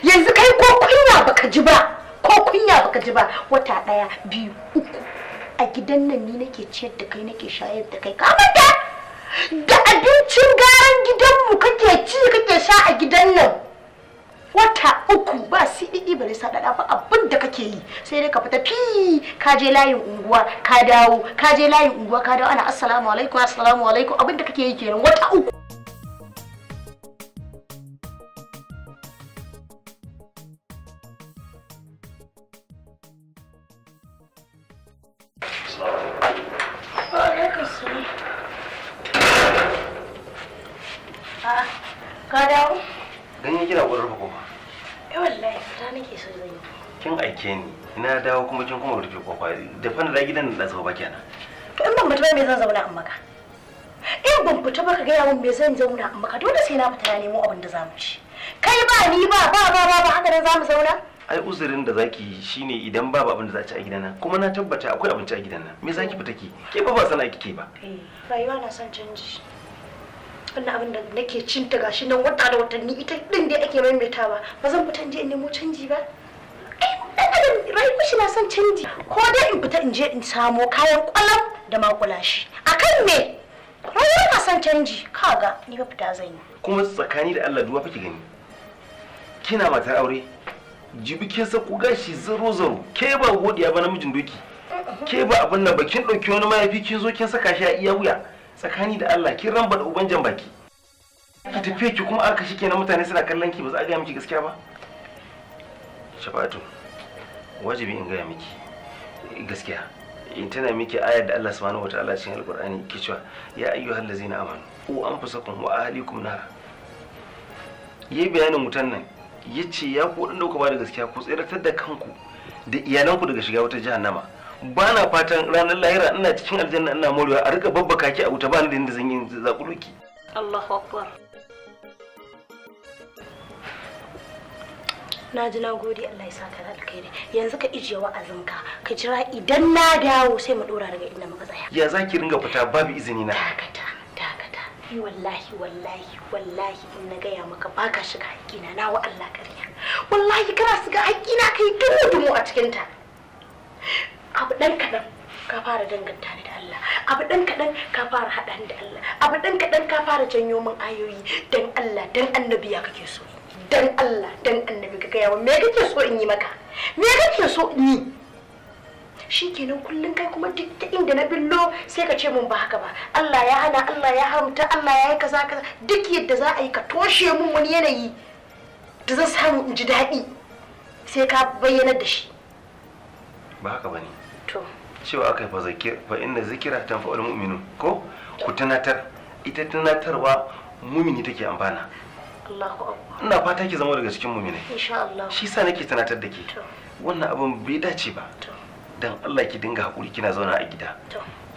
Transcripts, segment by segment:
yanzu kai ko kunya baka ji ba ko kunya baka ji ba wata daya biyu uku a gidan nan ni nake ciyar da kai nake shayar da kai ka manta da abincin garan gidanmu kake ci kake sha a gidan nan wata uku ba didi bare saɗaɗa ba abin da kake yi sai dai ka fita fi ka je layin unguwa ka dawo ka je layin unguwa ka dawo ana assalamu alaikum assalamu alaikum abin da kake yi kenan wata uku kuma kin kuma rufe kofa da fana da gidan da zaba kenan to in ban fita ba zan zauna in maka in ban fita ba ka ga yawon mai zan zauna in maka dole sai na fita na nemo abin da za mu ci kai ba ni ba ba ba ba haka nan mu zauna ai uzurin da zaki shine idan babu abin da za ci a gidan nan kuma na tabbata akwai abinci a gidan nan me zaki fita ki ke ba ba sana kike ba eh, rayuwa na son canji wannan abin da nake cinta gashi nan wata da watanni ita din dai ake maimaitawa ba zan fita je in nemo canji ba ɗan rayuwar shi na son canji ko dai in fita in je in samo kayan kwalam da makulashi akan me rayuwar na son canji kaga ni ba fita zan yi kuma tsakani da Allah duwa fake gani kina matar aure jibi ke sa gashi zaro zaro ke ba godiya ba namijin doki ke ba abin nan ba ɗauki wani mayafi kin zo kin saka shi a iya wuya tsakani da Allah kin ramba da uban jan baki ki tafiye ki kuma aka shi kenan mutane suna kallon ki ba za a gaya miki gaskiya ba shafatu wajibi in gaya miki gaskiya in tana miki ayar da Allah subhanahu wataala cikin alqur'ani ke cewa ya ayyuhal ladzina amanu u anfusakum wa ahlikum nar yi bayanin mutan nan yace ya ku dan dauka ba da gaskiya ku tsiratar da kanku da iyalanku daga shiga wata jahannama ba na fatan ranar lahira ina cikin aljanna ina morewa a rika babba ki a wuta ba ni da inda zan yi zakuluki Allahu akbar na ji na gode Allah ya saka da alkhairi yanzu ka ijiye wa'azinka ka jira idan na dawo sai mu dora daga inda muka tsaya ya zaki ringa fita babu izini na dakata dakata ni wallahi wallahi wallahi in na gaya maka baka shiga haƙƙina na wa Allah kariya wallahi kana shiga haƙƙina kai dumu dumu a cikin ta abu dan kadan ka fara danganta ni da Allah abu dan kadan ka fara hada ni da Allah abu dan kadan ka fara janyo min ayoyi dan Allah dan annabiya kake so dan Allah dan annabi ka gaya me kake so in yi maka me kake so in yi shi kenan kullum kai kuma duk ta inda na billo sai ka ce mun ba haka ba Allah ya hana Allah ya haramta Allah ya yi kaza kaza duk yadda za a yi ka toshe mun wani yanayi da zan samu in ji daɗi sai ka bayyana da shi ba haka bane to cewa akai fa zakir fa inna zikira tanfa'ul mu'minun ko ku tunatar ita tunatarwa mumini take amfana Allahu Ina fata ki zama daga cikin muminai Insha Shi sa nake tunatar da ke. Wannan abin bai dace ba. Dan Allah ki dinga hakuri kina zauna a gida.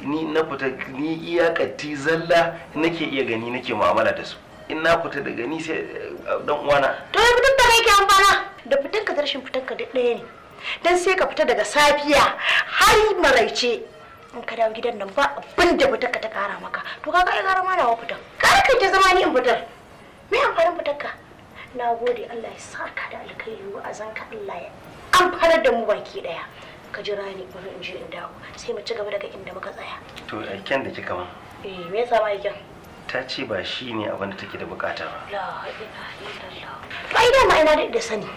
Ni na fita ni iyakati zalla nake iya gani nake mu'amala da su. In na fita daga ni sai eh, dan uwana. To ya fitar da kai ke amfana. Da fitar ka tarshin fitar ka da ɗaya ne. Dan sai ka fita daga safiya har maraice. in ka dawo gidan nan ba abin da fitar ka ta kara maka to kaga ai gara ma nawa fitar kar ka ta zama ni in fitar me amfanin fitarka na gode Allah ya sa ka da alkhairi wa azanka Allah ya amfanar da mu baki daya ka jira ni bari in je in dawo sai mu ci gaba daga inda muka tsaya to aiken da kika ma eh me yasa ma aiken ta ce ba shi ne abin da take da bukata ba la ilaha illallah ai da ina da sani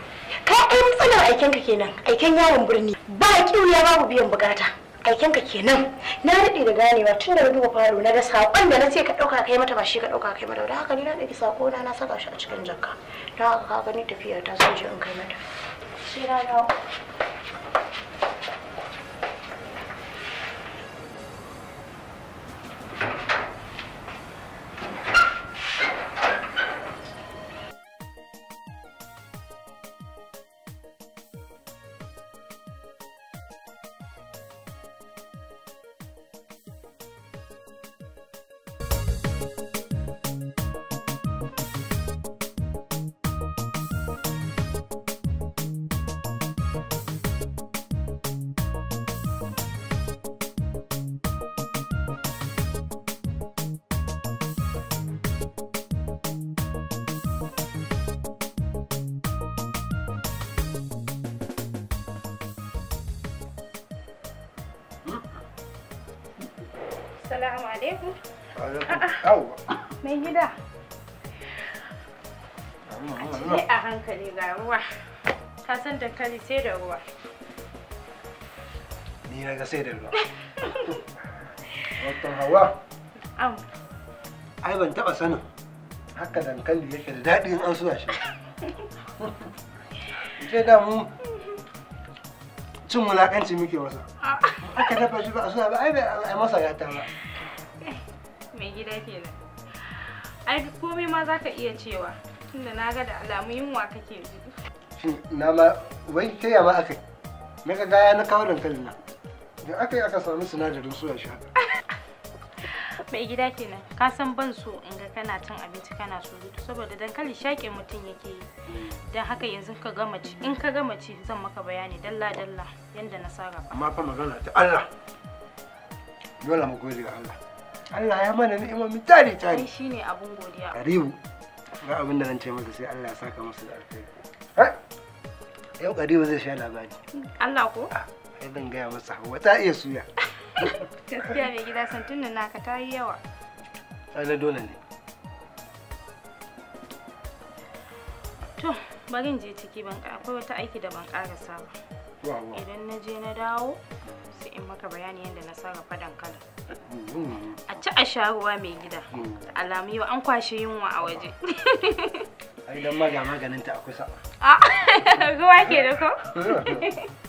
kai ai matsalar aiken ka kenan aikin yawon birni ba ya babu biyan bukata aikin ka kenan na daɗe da ganewa tun da na duba falo na ga sakon da na ce ka ɗauka kai mata ba shi ka ɗauka kai mata da haka ni na ɗauki sako na na saka shi a cikin jakka don haka ka gani tafiya ta so je in kai mata. Shi na Assalamu alaikum. Alaikum. Mai gida. Ni a hankali ga ruwa. Ka san dankali sai da ruwa. Ni na ga sai da ruwa. Watan hawa. Am. Ai ban taba sanin haka dankali yake da daɗi in an suya shi. Ce da mu cin wulakanci muke masa. aka dafa shi ba a suna ba ai bai masa gata ba mai gida kenan ai komai ma za ka iya cewa tunda na ga da alamu yunwa kake ji shin na ma wai ta yama aka ka ga gaya na kawo dankalin nan da aka yi aka samu sinadarin suya shi haka mai gida kenan ka san ban so in ga kana cin abinci kana surutu saboda dankali shaƙe mutum yake yi don haka yanzu ka gama ci in ka gama ci zan maka bayani dalla dalla yanda na sarrafa amma fa magana ta Allah dole mu gode ga Allah Allah ya mana ni'imomi tare tare shine abun godiya karibu ga abin da zan ce masa sai Allah ya saka masa da alkhairi eh? yau karibu zai sha labari Allah ko ah, ai ban gaya masa wata ta iya suya Gaskiya mai gida santun nan naka ta yi yawa. Ai dole ne. To, bari je ciki ban akwai wata aiki da ban karasa ba. Idan na je na dawo sai in maka bayani yadda na sarrafa dankalin. A ci a sha ruwa mai gida. Da alamu yau an kwashe yunwa a waje. Ai dan maga maganin ta a kusa. Ah, ruwa ke da ko?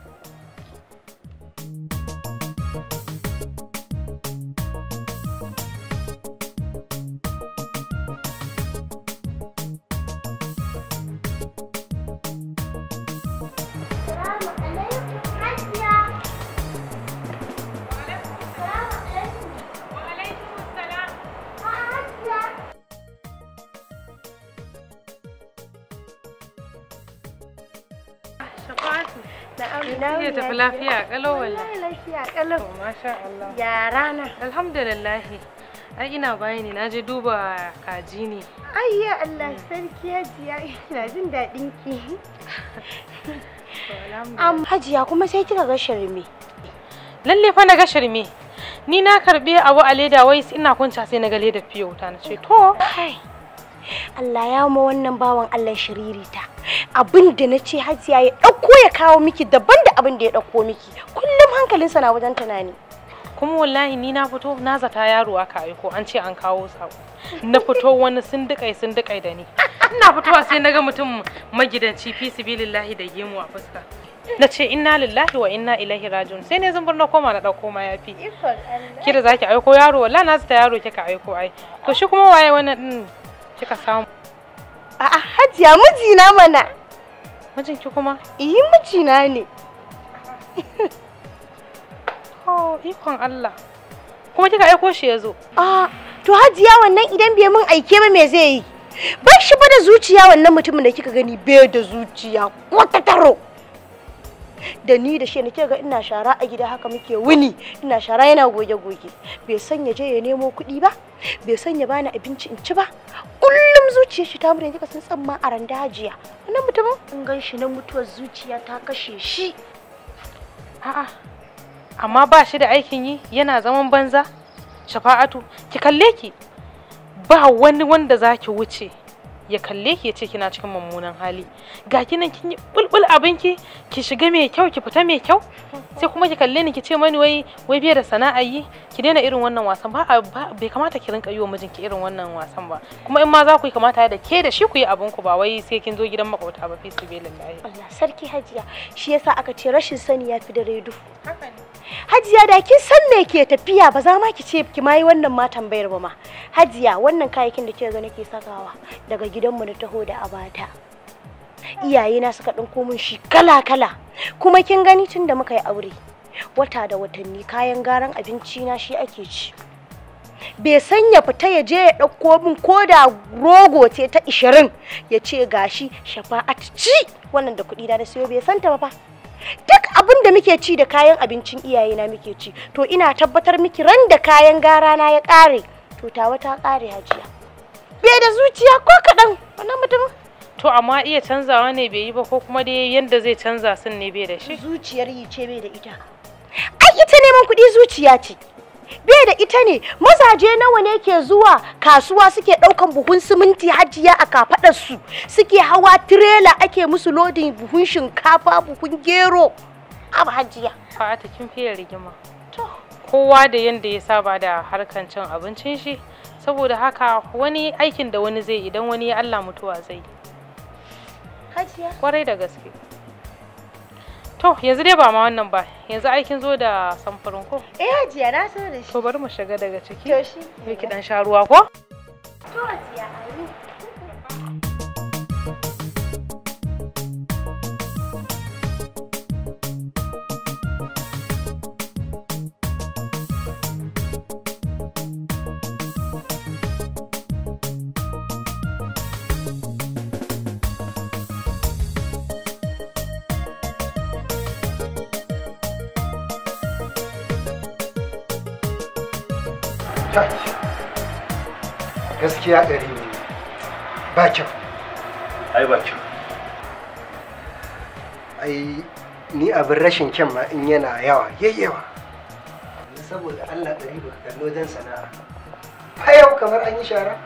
Na'am ina ya tafi lafiya kalau wallahi. Oh, ya rana. Alhamdulillah. ina baya na je duba kaji ne ai ya Allah sarki ya hajiya ina jin daɗin ki am hajiya kuma sai kika ga shirme lalle fa na ga shirme ni na karbe abu a leda wai ina kunta sai na ga leda fiye wuta na ce to Allah ya ma wannan bawan Allah shiririta abin da na ce hajiya ya ɗauko ya kawo miki daban da abin da ya ɗauko miki kullum hankalinsa na wajen tunani kuma wallahi ni na fito na zata yaro aka aiko an ce an kawo sako na fito wani sindikai sindikai da ni ina fitowa sai na ga mutum magidanci fi sibilillahi da gemu a fuska na ce inna lillahi wa inna ilaihi rajiun sai ne zumbur na koma na dauko ma yafi Kira zaki aiko yaro wallahi na zata yaro kika aiko ai to shi kuma waye wannan din kika samu a'a hajiya mijina mana mijinki kuma iyi mijina ne oh ikon Allah kuma kika aiko shi ya zo ah to hajiya wannan idan bai mun aike ba me zai yi ba shi ba da zuciya wannan mutumin da kika gani bai da zuciya ko ta taro da ni da shi na ga ina shara a gida haka muke wuni ina shara yana goge goge bai san ya je ya nemo kuɗi ba bai sanya bani abinci in ci ba kullum zuciyar shi ta mure kika sun san a ran dajiya wannan mutumin in gan shi na mutuwar zuciya ta kashe shi a'a amma ba shi da aikin yi yana zaman banza shafa'atu ki kalle ki ba wani wanda zaki wuce ya kalle ki ya ce kina cikin mummunan hali ga kinan kin yi bulbul abinki ki shiga mai kyau ki fita mai kyau sai kuma ki kalle ni ki ce mani wai wai biye da sana'a yi ki daina irin wannan wasan ba bai kamata ki rinka yi wa mijinki irin wannan wasan ba kuma in ma za ku yi kamata da ke da shi ku yi abin ku ba wai sai kin zo gidan makauta ba fi su Allah sarki hajiya shi yasa aka ce rashin sani ya fi da redu haka Hajiya da kin san me ke tafiya ba za ma ki ce ki mai wannan ma tambayar ba ma. Hajiya wannan kayakin da kike ga nake sakawa daga gidanmu na taho da abata. iyaye na suka ɗinko min shi kala-kala kuma kin gani tun da muka yi aure. Wata da watanni kayan garan abinci na shi ake ci. bai san ya fita ya je ya ɗauko min ko da rogo ce ta ishirin ya ce gashi shafa'at ci wannan da da na siyo bai santa ba fa. duk abin da muke ci da kayan abincin iyaye na muke ci to ina tabbatar miki ran da kayan gara na ya ƙare to tawa ta ƙare hajiya bai da zuciya ko kaɗan wannan mutum to amma iya canzawa ne bai yi ba ko kuma dai yanda zai canza sun ne bai da shi zuciyar yi ce bai da ita ai ita neman kuɗi zuciya ce bai da ita ne mazaje nawa ne ke zuwa kasuwa suke daukan buhun siminti hajiya a kafadar su suke hawa tirela ake musu lodin buhun shinkafa buhun gero abu hajiya fa'ata kin fiye rigima to kowa da yanda ya saba da harkan cin abincin shi saboda haka wani aikin da wani zai idan wani ya Allah mutuwa zai hajiya kwarai da gaske To yanzu dai ba ma wannan ba yanzu aikin zo da samfurin ko? Eh ajiya na so da shi. To bari mu shiga daga ciki. To shi. Ki dan sha ruwa ko? To gaskiya ɗari ne ba kyau ai ba kyau ai ni abin rashin kyan ma in yana yawa yayyawa saboda allah ɗari ba kallo don sana'a fa yau kamar an yi shara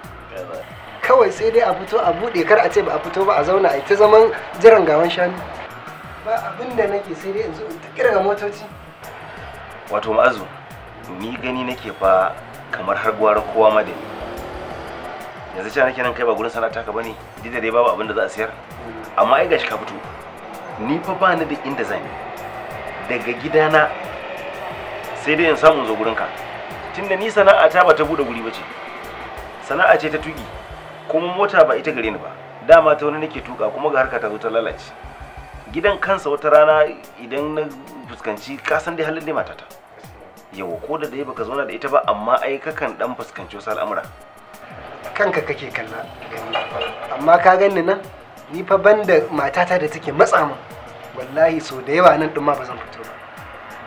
kawai sai dai a fito a buɗe kar a ce ba a fito ba a zauna a ta zaman jiran gawan shanu ba abin da nake sai dai in zo in ta ga motoci wato ma'azu ni gani nake fa kamar har gwara kowa ma da ni yanzu ce nake nan kai ba gurin sana'a ka bane duk da dai babu abin da za a sayar amma ai gashi ka fito ni fa ba ni da inda zan daga gidana sai dai in samu zo gurin ka tunda ni sana'a ta ba ta bude guri bace sana'a ce ta tuki kuma mota ba ita gare ni ba dama ta wani nake tuka kuma ga harka ta zo ta lalace gidan kansa wata rana idan na fuskanci kasan dai halin dai matata yawa ko da dai baka zauna da ita ba amma ai kakan dan fuskanci wasu al'amura kanka kake kalla amma ka ganni nan ni fa banda matata da take matsa min wallahi so da yawa nan din ma ba zan fito ba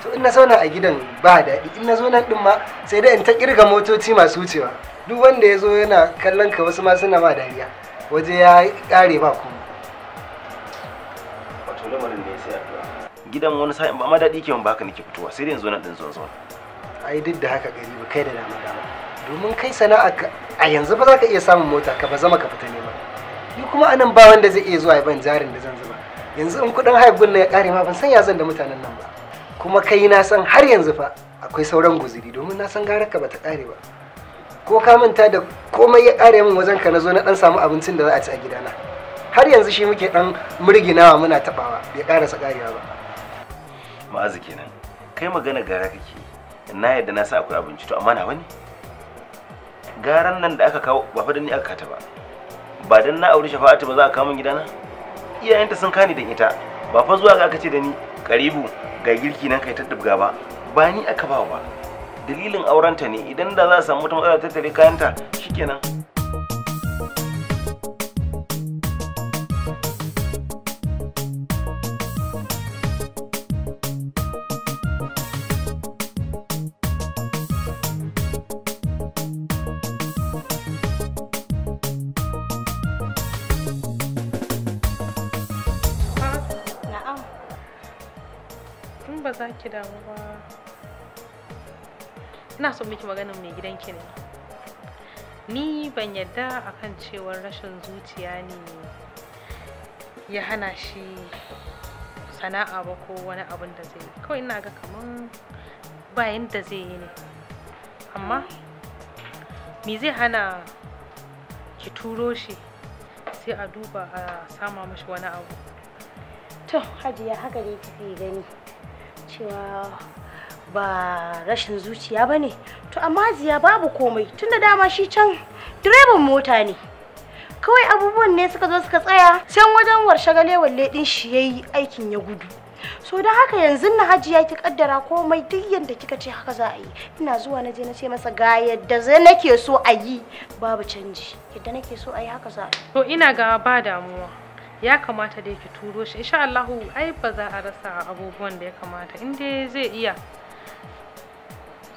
to in na zauna a gidan ba daɗi in na zo nan din ma sai dai in ta kirga motoci masu wucewa duk wanda ya zo yana kallon ka wasu ma suna ma dariya waje ya kare ba ku wato lamarin ne sai gidan wani sa'in ba ma daɗi ke ba haka nake fitowa sai dai in zo nan din zo zo ai duk da haka gari ba kai da dama dama domin kai sana'a a yanzu ba za ka iya samun mota ka ba zama ka fita nema ni kuma anan ba wanda zai iya zuwa ya ban jarin da zan zuba yanzu in kudin haibun na ya kare ma ban san ya zan da mutanen nan ba kuma kai na san har yanzu fa akwai sauran guziri domin na san garar ka bata kare ba ko ka manta da komai ya kare min wajen ka na zo na dan samu abincin da za a ci a gidana har yanzu shi muke dan murginawa muna tabawa bai karasa karewa ba ma'azi kenan kai magana gara kake na yadda na sa akwai abinci to amma na wani garan nan da aka kawo ba fa ni aka kata ba ba dan na auri shafa'atu ba za a kawo min gidana iyayenta sun kani da ita ba fa zuwa ga aka ce da ni karibu ga girki nan kai ta dubga ba ba ni aka ba ba dalilin aurenta ne idan da za a samu wata matsala tattare kayanta shikenan ba za ki damu ba ina son miki maganin mai gidanki ne ni ban yadda akan cewa rashin zuciya ne ya hana shi sana'a ba ko wani abin da zai kawai ina ga kaman bayan da zai yi ne amma me zai hana ki turo shi sai a duba a sama mashi wani abu to hajiya haka ne kike gani cewa ba rashin zuciya ba ne to amma ziya babu komai tunda dama shi can direban mota ne kawai abubuwan ne suka zo suka tsaya can wajen gale walle din shi yayi aikin ya gudu so da haka yanzu na hajiya ki kaddara komai duk yadda kika ce haka za a yi ina zuwa na je na ce masa ga yadda zai nake so a yi babu canji yadda nake so a yi haka za a yi to ina ga ba damuwa ya kamata dai ki turo shi insha Allahu ai ba za a rasa abubuwan da ya kamata in dai zai iya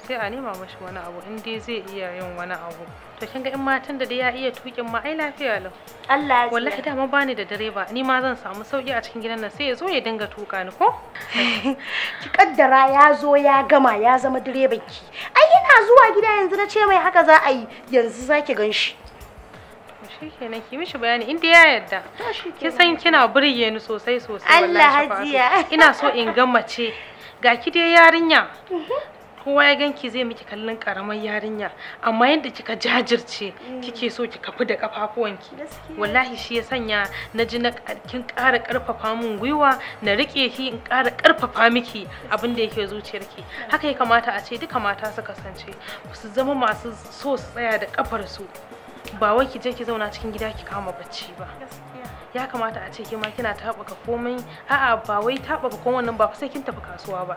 sai a nema mashi wani abu in dai zai iya yin wani abu to kin ga in matan da dai ya iya tukin ma ai lafiya lau Allah ya wallahi da ma bani da direba ni ma zan samu sauki a cikin gidan nan sai ya zo ya dinga tuka ni ko ki kaddara ya zo ya gama ya zama direban ki ai yana zuwa gida yanzu na ce mai haka za a yi yanzu zaki ganshi shikenan ki mishi bayani in ya yarda kisan kina burge ni sosai sosai hajiya ina so in ga ga ki dai yarinya mhm. kowa ya ganki zai miki kallon karamar yarinya amma yadda kika jajirce mm. kike so ki kafi da kafafuwanki wallahi shi ya sanya na ji na kin ƙara ƙarfafa min gwiwa na riƙe ki in ƙara karfafa miki abinda yake zuciyarki haka ya kamata a ce duka mata su kasance su zama masu so su tsaya da ƙafarsu. su ba wai ki je ki zauna cikin gida ki kama bacci ba ya kamata a ce ma kina taɓuka komai a'a ba wai taɓuka komai nan ba fa sai kin tafi kasuwa ba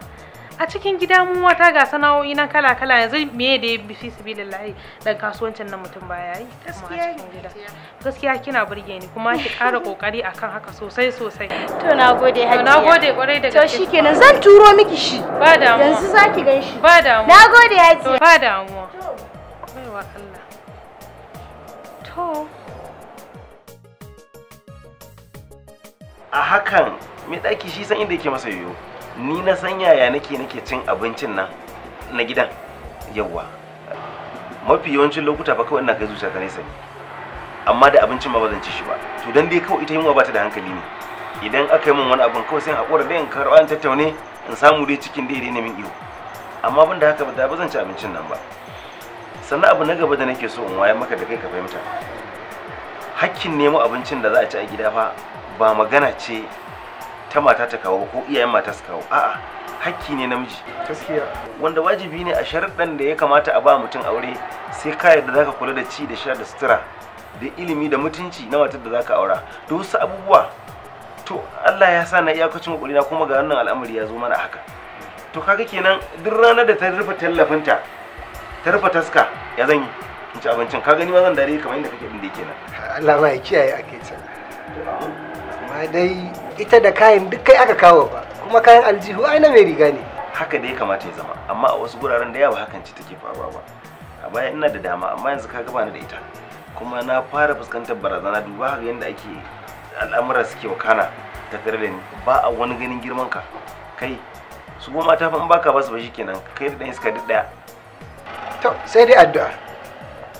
a cikin gida mu wata ga sana'o'i na kala kala yanzu me da ya bifi sabilillahi dan kasuwancin nan mutum ba yi gaskiya gaskiya kina burge ni kuma ki ƙara kokari akan haka sosai sosai to nagode hajiya to nagode kwarai da gaske to shikenan zan turo miki shi ba damuwa yanzu zaki gan shi ba damuwa nagode hajiya ba damuwa baiwa Allah To. A hakan me daki shi san inda yake masa yoyo. Ni na san yaya nake nake cin abincin nan na gidan. Yawwa. Mafi yawancin lokuta ba kawai ina kai zuciya ta nesa ne. Amma da abincin ma ba zan ci shi ba. To dan dai kawai ita yunwa ba ta da hankali ne. Idan aka yi min wani abin kawai sai in haƙura da in karɓa in tattaune in samu dai cikin daidai na min iyo. Amma ban da haka ba zan ci abincin nan ba. sannan abu na gaba da nake so in wayar maka da kai ka fahimta hakkin nemo abincin da za a ci a gida fa ba magana ce ta mata ta kawo ko iyayen mata su kawo a'a hakki ne namiji gaskiya wanda wajibi ne a sharaɗan da ya kamata a ba mutum aure sai ka yarda zaka kula da ci da sha da sutura da ilimi da mutunci na matar da zaka aura da wasu abubuwa to Allah ya sa na iyakacin kokari kuma ga wannan al'amari ya zo mana haka to kaga kenan duk ranar da ta rufe tallafinta ta rufe taska ya zan yi in ci abincin ka gani ma zan dare kamar yadda kake inda yake nan Allah ma ya kiyaye ake can amma dai ita da kayan duk kai aka kawo ba kuma kayan aljihu ai na mai riga ne haka dai ya kamata ya zama amma a wasu guraren da yawa hakan ce take faruwa ba a baya ina da dama amma yanzu ka gaba ni da ita kuma na fara fuskantar barazana duba haka yadda ake al'amura suke wakana ta da ni ba a wani ganin girman ka kai su ta fa in baka basu ba shikenan kai da dan iska duk daya to sai dai addu'a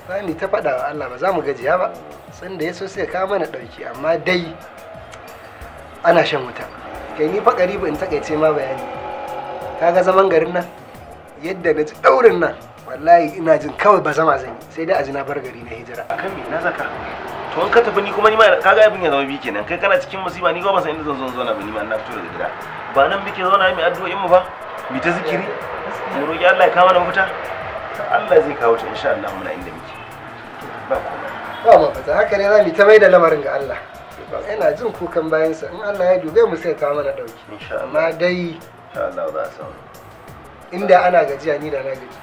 za ta faɗa wa Allah ba za mu gajiya ba sun da ya sai ka mana ɗauki amma dai ana shan wuta kai ni fa ba in takaice ma bayani kaga zaman garin nan yadda na ji ɗaurin nan wallahi ina jin kawai ba zama zan yi sai dai a na bar gari na hijira akan me na zaka to an ka tafi ni kuma ni ma kaga abin ya zama bi kenan kai kana cikin musiba ni ba san inda zan zo zo na ba ni ma na fito daga gida ba nan muke zauna mai addu'o'in mu ba mi ta zikiri mu roki Allah ya kawo mana mafita Allah zai kawo ta insha Allah muna inda muke ba ba mu fata haka ne zamu ta mai da lamarin ga Allah yana jin kukan bayan sa in Allah ya dube mu sai kawo mana dauki insha Allah ma dai insha Allah za su inda ana gajiya ni da na gaji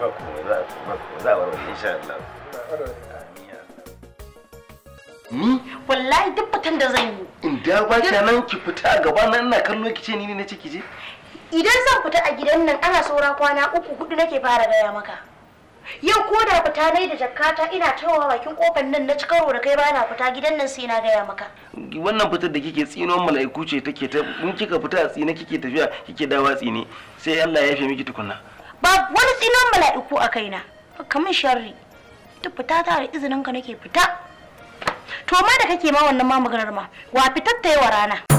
ba komai za ba komai za a insha Allah ni wallahi duk fitan da zan yi in da ba nan ki fita gaba nan ina kallo ki ce ni ne na ciki je idan zan fita a gidan nan ana saura kwana uku hudu nake fara gaya maka yau ko da fita nai da jakkata ina tawa bakin kofar nan na cikaro da kai bana fita gidan nan sai na gaya maka wannan fitar da kike tsino mala'iku ce take ta in kika fita a tsine kike tafiya kike dawa tsine sai Allah ya yafe miki tukunna ba wani tsinon mala'iku a kaina kamar sharri duk fita ta da izinin ka nake fita to ma da kake ma wannan ma maganar ma wa fitar ta yawa rana